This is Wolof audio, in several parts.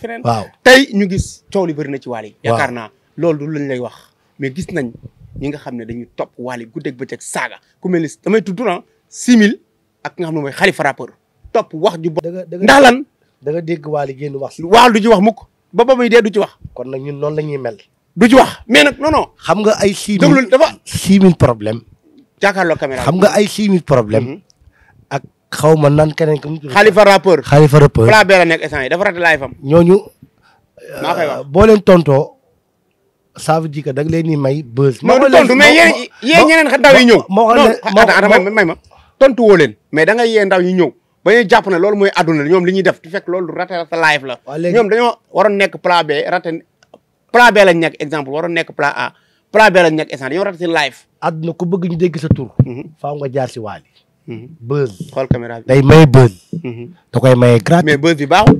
feneen waaw tey ñu gis coow li bëri na ci Wally yaakaar na loolu du lañ lay wax mais gis nañ ñi nga xam ne dañuy topp Wally guddeeg bëccëg saaga ku mel ni damay tudd turan ah ak nga xam ne mooy xalifa rappeur topp wax ju bo ndax lan da nga dégg Wally génn wax waal du ci wax mukk ba ba muy dee du ci wax kon nag ñun noonu la ñuy mel du ci wax mais nag non xam nga ay six mille dafa six mille problème jàkkaarloo caméra xam nga ay six mille problème mhm. ak xaw ma nan keneen. xalifa mu xalifa rappeur. Fla Bella nekk instant yi dafa raté laay fam. ñooñu. maa koy wax euh, boo leen tontoo. ça veut dire que da nga may buzz. maa ngi tontu mais yéen yéen ñeneen xa ndaw yi ñëw. moo ko leen may ma tontu woo leen. mais da nga yee ndaw yi ñëw. ba ñuy jàpp ne loolu mooy àdduna ñoom li ñuy def du fekk loolu raté raté live la. ñoom dañoo waroon nekk plan B raté plan B lañ nekk exemple waroon nekk pla A plan B lañ nekk instant dañoo raté seen live. àdduna ku bëgg ñu dégg sa tur. Mhm. faaw nga jaar si waali Mm-hmm. buzz xool caméra bi day maye buzz. Mm-hmm. da koy maye gratuit. mais buzz bi baaxul.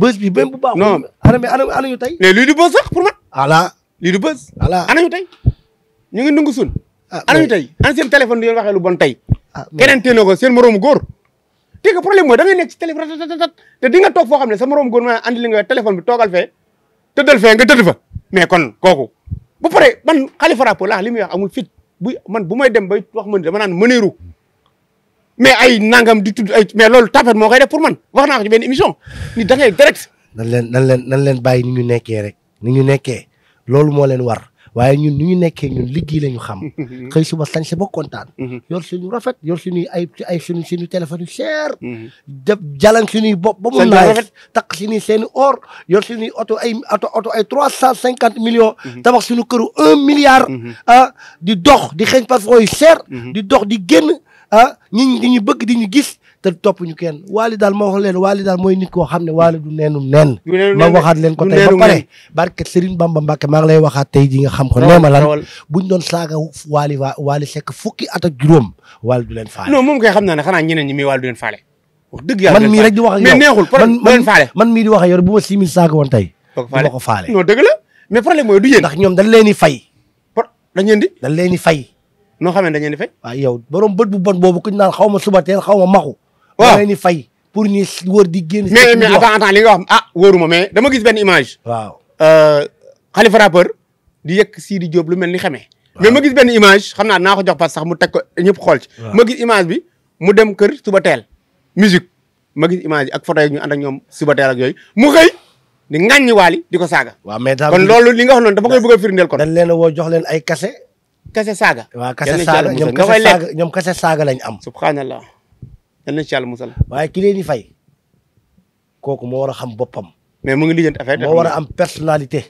buzz bi même bu baaxul. non ana mais ana ana ñu tey. mais lii du buzz sax pour man. voilà lii du buzz. ana ñu tey. ñu ngi nangu sun. ah ana ñu tey ana seen téléphone di leen waxee lu bon tey. ah keneen téye seen moroomu góor. tey que problème mooy da nekk ci téléphone di nga toog foo xam ne sa moroomu góor ma andi li nga téléphone bi toogal fee. tëddal fee nga tëdd fa. mais kon kooku. bu pare ban Khalifa Rapport laa li muy wax amul fit bu man bu may dem bay wax man dama naan mëneeru mais ay nangam di tudd ay mais loolu tapet moo koy def pour man wax naa ko ci benn émission ni da ngay direct. nan leen nan leen nan leen bàyyi ni ñu nekkee rek nu ñu nekkee loolu moo leen war waaye ñun nu ñu nekkee ñun liggéey la ñu xam. xëy suba sañ si ba kontaan. Mhm. yor suñu rafet yor suñuy ay ay suñu suñu téléphone yu cher. Mhm. def jalan suñuy bopp ba mu naaj. takk suñuy seen i or yor suñuy oto ay oto oto ay trois cent cinquante millions. Mhm. tabax suñu këru un milliard. Ah, di dox di xeeñ parfum yu cher. di dox di génn. ah ñi ñu ñu bëgg di ñu gis te topp ñu kenn waali daal ma leen waali daal mooy nit koo xam ne waali du neenum nen. ma waxaat leen ko tey ba pare. barke Serigne Bamba Mbacke maa ngi lay waxaat tey ji nga xam ko. nee ma lan buñ doon saaga waali waa waali sekk fukki at ak juróom du leen faale. moom kay xam naa ne xanaa ñeneen ñi muy waali du leen faale. wax dëgg man mii di wax ak man mii di wax ak bu ma six mille saaga woon tey. du ma ko faale non dëgg la mais problème mooy du yéen. ndax ñoom dañ leen di fay. leen di fay noo xamee dañu leen di fay. waaw yow borom bët bu bon boobu ku ñu naan xaw ma suba teel xaw ma maxu. waaw da di fay pour ñu wër di génn. mais mais attends attends li nga wax ah, mais dama gis benn image. waaw euh, Khalifa rappeur di yëkk Sidi Diop lu mel ni xamee. mais ma gis benn image xam naa naa ko jox parce que mu teg ko ñëpp xool ci. ma image bi mu dem kër suba teel. musique ma gis image ak photo yi ñu ànd ak ñoom suba teel ak yooyu mu xëy. di ŋàññi waali di ko saaga. waa mais kon lool li nga wax noonu dafa koy bëgg a firndeel kon. dañ leen woo jox leen ay kase kase saaga. waaw kase saaga ñoom kase saaga ñoom kase saaga lañ am. subhanallah yal nañ ci yàlla musal. waaye ki leen di fay kooku moo war a xam boppam. mais mu ngi lijjanti affaire moo war a am personnalité.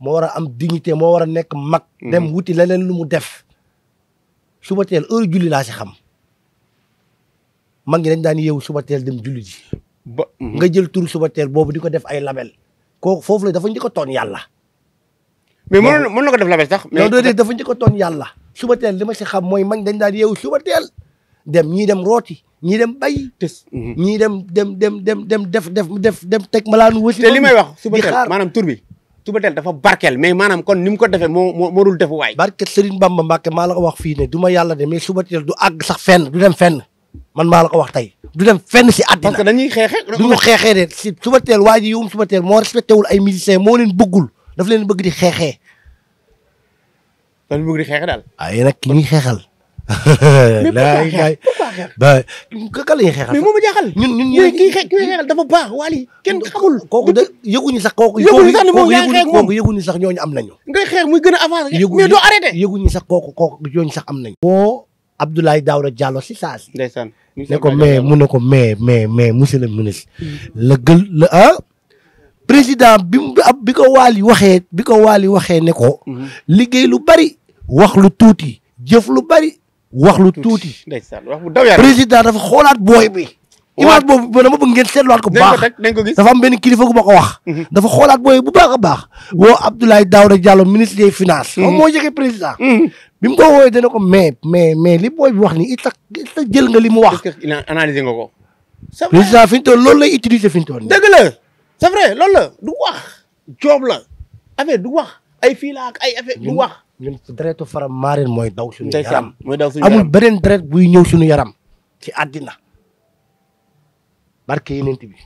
moo war a am dignité moo war a nekk mag. Mm-hmm. dem wuti leneen lu mu def. suba teel heure julli laa si xam. mag ñi dañ daan yeewu suba teel dem julli ji. ba mm-hmm. nga jël tur suba teel boobu di ko def ay label. ko foofu la dafa ñu ko toon yàlla. mais mënoon mën na ko def labes sax. mais loolu dafa njëkk a toon yàlla. suba teel li ma si xam mooy mag dañ daan yeewu suba teel dem ñii dem rooti ñii dem bay tës. Mhm. ñii dem dem dem dem dem def def def dem teg malaanu wësi. te li may wax suba teel maanaam tur bi. suba teel dafa barkeel mais maanaam kon ni mu ko defee moo moo moo dul defu waay. barkeel Serigne Bamba Mbacke maa la ko wax fii ne du ma yàlla de mais suba teel du àgg sax fenn du dem fenn man maa la ko wax tey. du dem fenn si àddina parce que dañuy xeexee. du ñu xeexee de si suba teel waa ji yowum suba teel moo respecté wul ay miliciens moo leen bëggul daf leen bëgg di xeexee. dañu bëgg di ah, nag ki ñuy xeexal. laay laay mais kooku la ñuy ñun ñun kii xeexal dafa baax waa lii kenn xamul. kooku de yëguñu sax kooku. yëguñu sax ni moom yaa ngi xeex moom kooku yëguñu sax ñooñu am nañu. ngay xeex muy gën a avancé. mais doo arrêté sax kooku kooku ñooñu sax am nañu. boo Abdoulaye Daouda Diallo si saa si. ndeysaan ne ko mais mu ne ko mais mais mais monsieur le ministre. Hmm. la gël la ah. président bi mu bi ko Wally waxee bi ko Wally waxee ne ko. Mhm. liggéey lu bari wax lu tuuti jëf lu bari wax lu tuuti. ndeysaan wax bu daw yaram président dafa xoolaat booy bi. image boobu dama bëgg ngeen seetluwaat ko bu baax dafa am benn kilifa gu ma ko wax mhm. dafa xoolaat booy bu baax a baax mhm. woo Abdoulaye Daouda Diallo ministre des finances moom moo jege président bi mu ko woowee dana ko mais mais mais li booy wax ni it tax jël nga li mu wax analyser nga ko président fi ñu toll loolu lay utiliser fi ñu toll dëgg la c'est vrai loolu la du wax joob la affaire du wax ay fii la ay affaire du wax. ñun deretu faram maarin mooy daw suñu yaram mooy daw suñu yaram amul beneen deret buy ñëw suñu yaram ci àddina barke yenent bi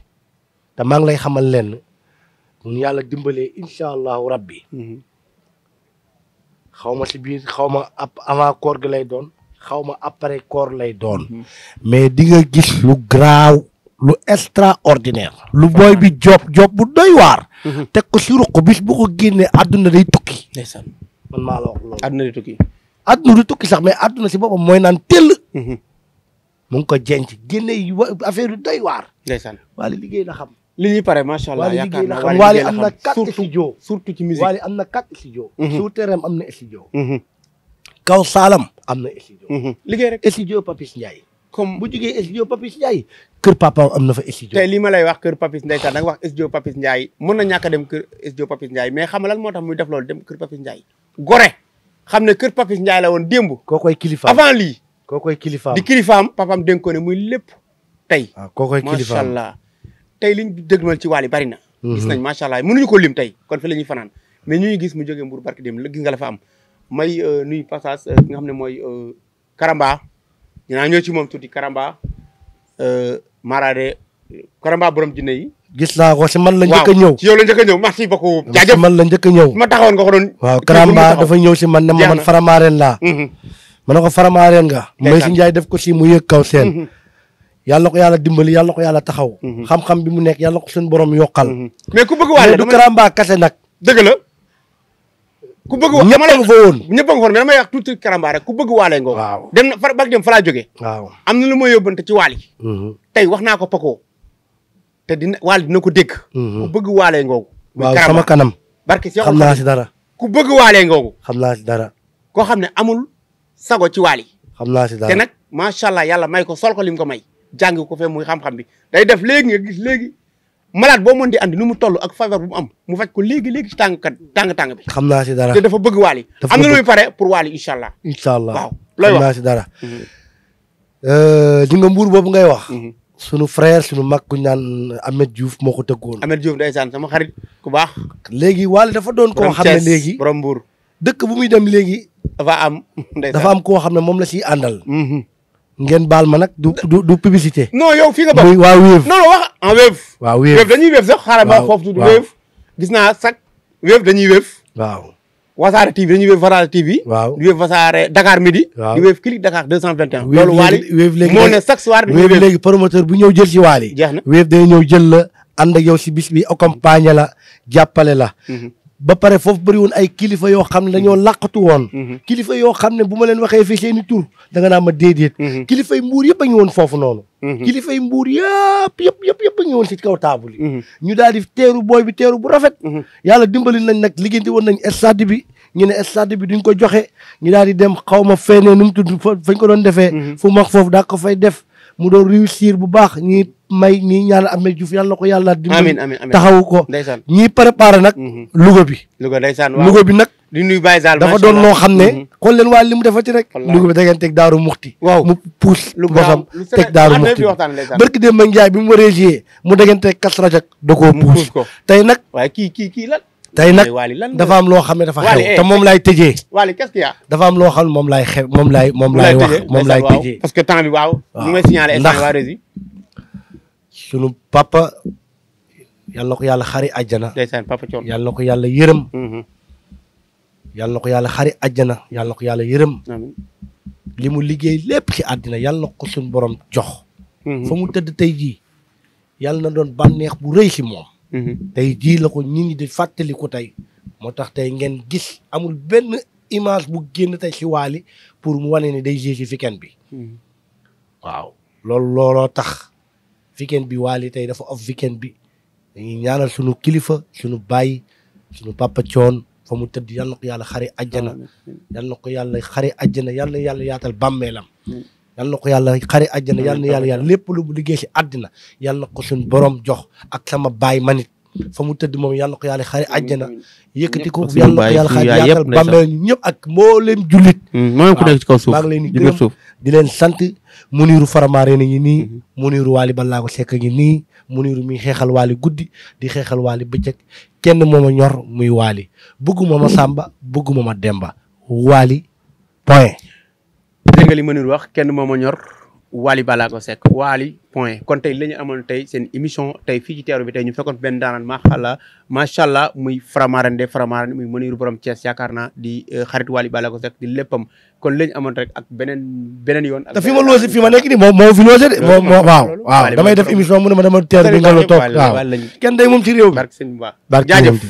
te maa ngi lay xamal leen mun yàlla dimbalee incha allahu rabbi mhm. xaw ma si biir xaw ma avant koor gi lay doon xaw ma après koor lay doon mhm. mais di nga gis lu garaaw lu extraordinaire. lu booy bi job job bu doy waar. Mhm. teg ko si ruq bis bu ko génnee àdduna day tukki. ndeysaan man maa la wax loolu. àdduna day tukki. sax mais àdduna si boppam mooy naan tell. Mhm. mu ngi ko jenc génne yi wa affaire yu doy waar. ndeysaan waale liggéey la xam. li ñuy pare macha allah yaakaar naa waale liggéey la xam waale am na quatre studio. Mhm. surtout Kaw Saalam am na studio. liggéey rek Papis Ndiaye. kër papa am na fa studio tey lii ma lay wax kër papis ndeysaan da nga wax studio papis Ndiaye mën na ñàkk a dem kër studio papis Ndiaye mais xam lan moo tax muy def loolu dem kër papis Ndiaye gore xam ne kër papis Ndiaye la woon démb koo koy kilifaam avant lii koo koy kilifaam di kilifaam papaam dénk ko ne muy lépp tey ah, koo koy kilifaam macha allah tey liñ dëgmal ci wàll yi bari na mhm. gis nañ macha allah mënuñu ko lim tey kon fi la ñuy fanaan mais ñuy gis mu jógee Mbour barki dem la gis nga la fa am may euh, nuyu passage euh, ki nga xam ne mooy euh, Karamba dinaa ñëw ci moom tuuti Karamba Marade Karamba borom jinne yi. gis naa ko si man la njëkk ñëw ci yow la njëkk a ñëw merci beaucoup. jaajëf si man la njëkk a ñëw. ma taxawoon nga ko doon. waaw Karamba dafa si man ne ma man faramaareen laa. Mhm. ma ne ko faramaareen nga. may si Njaay def ko si mu yëg kaw seen. Mhm. yàlla ko yàlla dimbali yàlla ko yàlla taxaw. Mhm. xam-xam bi mu nekk yàlla ko suñu borom yokkal. mais ku bëgg du Karamba kase nag. dëgg ku bëgg wa ñëpp a nga a nga fa woon mais damay wax tuuti karamba rek ku bëgg waale ngoo waaw dem na far bak dem fa laa jógee am na lu ma yóbbante ci waali mm-hmm. tey wax naa ko pakoo te dina waali dina ko dégg mm-hmm. ku bëgg waale ngoogu waaw sama kanam barke si xam naa si dara ku bëgg waale ngoogu xam naa si dara koo xam ne amul sago ci waali xam naa si dara nag macha allah yàlla may ko solko ko lim ko may jàngi ko fee muy xam-xam bi day def léegi nga gis léegi malade boo mën di andi nu mu toll ak faveur bu mu am mu faj ko léegi léegi ci tàng kat bi. xam naa si dara te dafa bëgg waali. am na lu pare pour waali incha allah. incha allah waaw looy si dara. Mhm. Euh, di nga mbuur boobu ngay wax. Mhm. sunu frère sunu mag ku ñu naan Ahmed Diouf moo ko tëggoon. Ahmed Diouf ndeysaan sama xarit ku baax. léegi waali dafa doon koo xam ne léegi borom mbuur dëkk bu muy dem léegi. dafa am ndeysaan dafa am koo xam ne moom la siy àndal. Mhm. ngeen baal ma nag du du du publicité. non yow fi nga bokk muy waa Wave. non non wax en Wave. waaw Wave dañuy Wave sax xaaral a foofu tuuti Wave. gis naa sax Wave dañuy Wave. waaw. wasaare TV dañuy Wave wasaare TV. waaw di Wave wasaare Dakar midi. waaw di Wave Click Dakar 221. loolu waali Wave léegi moo ne chaque ñëw jël si waali. jeex na Wave day ñëw jël la ànd ak yow si bis bi accompagner la jàppale la. Mhm. ba pare foofu bëri woon ay kilifa yoo xam ne dañoo làqatu woon mhm. kilifa yoo xam ne bu ma leen waxee fii seeni tur da nga naa ma déedéet mhm. kilifa yi mbuur yëpp a ngi foofu noonu mhm. kilifa yi mbuur yëpp yëpp yëpp yëpp a ngi si kaw taabul yi ñu daal di teeru booy bi teeru bu rafet yàlla dimbali nañ nag liggéenti woon nañ stade bi ñu ne stade bi duñ ko joxe ñu daal di dem xaw ma feenee nu mu tudd fañ ko doon defee fu mag foofu daa ko fay def mu doon réussir bu baax ñi may ñi ñaan am na Diouf yàlla na ko yàlla dimbali taxawu ko ñi préparé nag mhm. Louga bi Louga bi nag di nuyu Baye Sall dafa doon loo xam ne xool mhm. leen waa li mu defati rek Louga bi da ngeen teg daaru muxti waaw mu puus bosam teg daaru muxti barki démb Ndiaye bi mu waree mu da ngeen teg kas rajak da koo puus tey nag waaye kii kii kii tey nag dafa am loo xam ne dafa xew moom laay tëjee. Wally qu'est-ce am loo xam moom laay xew moom laay moom laay wax moom laay tëjee. parce que temps bi waaw. waaw ndax sunu papa. yal na ko yàlla xari àjjana. ndeysaan papa yal na ko yàlla yërëm. Mm-hmm. yal na ko yàlla xari àjjana yal na ko yàlla yërëm. mu liggéey lépp ci àddina yal na ko suñu borom jox. Mm-hmm. fa mu tëdd tey jii yal na doon bànneex bu rëy ci moom. Mhm. tey jii la ko nit ñi di fàttaliku tey moo tax tey ngeen gis amul benn image bu génn tey si Wally pour mu wane ne day jouer si bi mhm. waaw loolu looloo tax weekend bi Wally tey dafa off weekend bi dañuy ñaanal suñu kilifa sunu bay sunu papa coon fa mu tëdd yal na ko yàlla xare ajjana yal na ko yàlla xare ajjana yàlla yàlla yaatal bàmmeelam yal na ko yàlla xare àjjana yal na yàlla yàlla lépp lu mu liggéey si àddina yal na ko suñ borom jox ak sama baay manit fa mu tëdd moom yal ko yàlla xare àjjana yëkkati ko yal na ko yàlla ñëpp ak mboolem jullit mm, moo ku nekk ci kaw suuf maa ngi leen di gërëm di leen sant Muniru Faramare na ngi nii mm-hmm. Muniru Waly Ballago Seck ngi nii Muniru mi xeexal Waly guddi di xeexal Waly bëccëg kenn mooma ñor muy Waly bëgguma ma Samba bëgguma ma Demba Waly point Sénégal yi mënul wax kenn moo ma ñor Wally Ballago Seck Wally point kon tey la ñu amoon tey seen émission tey fii ci teeru bi tey ñu fekkoon benn daanaan maaxàlla macha allah muy Faramareen de Faramareen muy Mounirou borom Thiès yaakaar di euh, xarit Wally Ballago Seck di léppam kon la amoon rek beneen yoon. te fi ma loosee fi ma nekk nii moom moo fi loosee de. moo moo waaw waaw damay def émission mu ne ma dama teer bi nga la toog waaw kenn day moom ci réew mi. barke sëñ Ba jaajëf